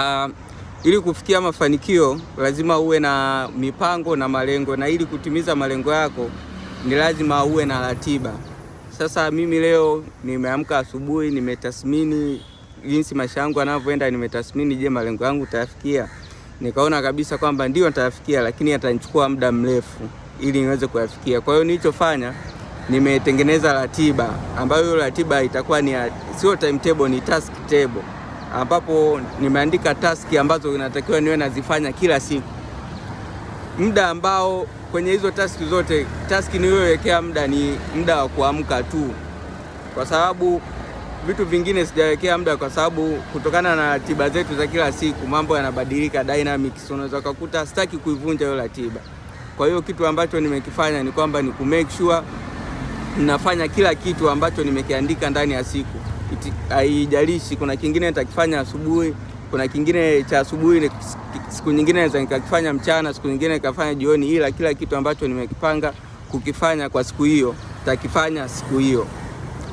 Uh, ili kufikia mafanikio lazima uwe na mipango na malengo, na ili kutimiza malengo yako ni lazima uwe na ratiba. Sasa mimi leo nimeamka asubuhi, nimetathmini jinsi maisha yangu yanavyoenda, nimetathmini, je, malengo yangu tayafikia? Nikaona kabisa kwamba ndio nitayafikia, lakini yatanichukua muda mrefu ili niweze kuyafikia. Kwa hiyo nilichofanya nimetengeneza ratiba ambayo hiyo ratiba itakuwa ni sio timetable, ni task table ambapo nimeandika taski ambazo inatakiwa niwe nazifanya kila siku, muda ambao kwenye hizo taski zote taski niliyowekea muda ni muda wa kuamka tu, kwa sababu vitu vingine sijawekea muda, kwa sababu kutokana na ratiba zetu za kila siku mambo yanabadilika, dynamics, unaweza kukuta sitaki kuivunja hiyo ratiba. Kwa hiyo kitu ambacho nimekifanya ni kwamba ni kumake sure nafanya kila kitu ambacho nimekiandika ndani ya siku haijalishi. Kuna kingine nitakifanya asubuhi, kuna kingine cha asubuhi, siku nyingine naweza nikakifanya mchana, siku nyingine nikafanya jioni, ila kila kitu ambacho nimekipanga kukifanya kwa siku hiyo takifanya siku hiyo.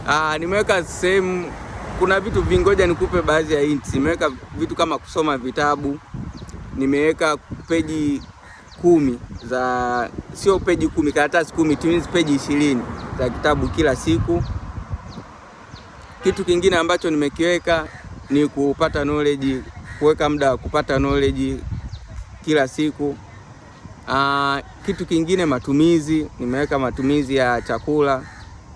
Ah, nimeweka sehemu, kuna vitu vingoja nikupe baadhi ya hints. Nimeweka vitu kama kusoma vitabu, nimeweka peji kumi za sio peji kumi karatasi kumi, it peji ishirini za kitabu kila siku. Kitu kingine ambacho nimekiweka ni kupata knowledge, kuweka muda wa kupata knowledge kila siku. Aa, ah, kitu kingine matumizi, nimeweka matumizi ya chakula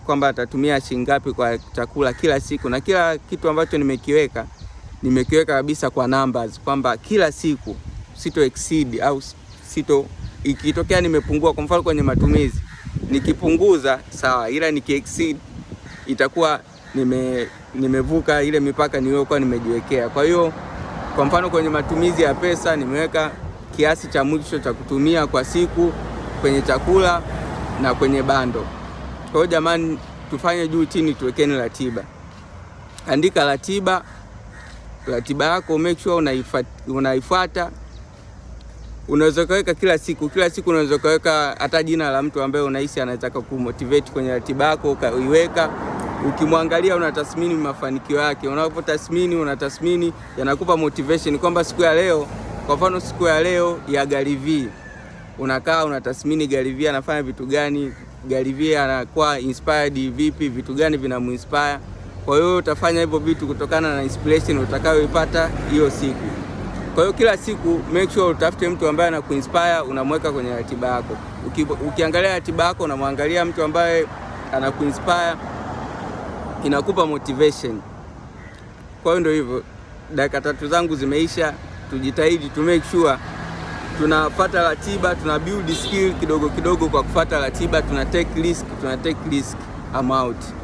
kwamba atatumia shilingi ngapi kwa chakula kila siku, na kila kitu ambacho nimekiweka nimekiweka kabisa kwa numbers kwamba kila siku sito exceed au sito, ikitokea nimepungua, kwa mfano kwenye matumizi nikipunguza sawa, ila niki exceed itakuwa nime nimevuka ile mipaka niliyokuwa nimejiwekea. Kwa hiyo kwa mfano kwenye matumizi ya pesa nimeweka kiasi cha mwisho cha kutumia kwa siku kwenye chakula na kwenye bando. Kwa hiyo jamani, tufanye juu chini, tuwekeni ratiba. Andika ratiba, ratiba yako make sure unaifuata, unaifuata. Unaweza kaweka kila siku, kila siku unaweza kaweka hata jina la mtu ambaye unahisi anaweza kukumotivate kwenye ratiba yako ukaiweka ukimwangalia unatathmini mafanikio yake, unapotathmini unatathmini, yanakupa motivation kwamba siku ya leo, kwa mfano siku ya leo ya Galivi, unakaa unatathmini Galivi anafanya vitu gani, Galivi anakuwa inspired vipi, vitu gani vinamuinspire. Kwa hiyo utafanya hivyo vitu kutokana na inspiration utakayoipata hiyo siku. Kwa hiyo kila siku make sure utafute mtu ambaye anakuinspire, unamweka kwenye ratiba yako. Uki, ukiangalia ratiba yako unamwangalia mtu ambaye anakuinspire inakupa motivation. Kwa hiyo ndio hivyo, dakika tatu zangu zimeisha. Tujitahidi to make sure tunapata ratiba, tuna build skill kidogo kidogo, kwa kufata ratiba, tuna take risk, tuna take risk amount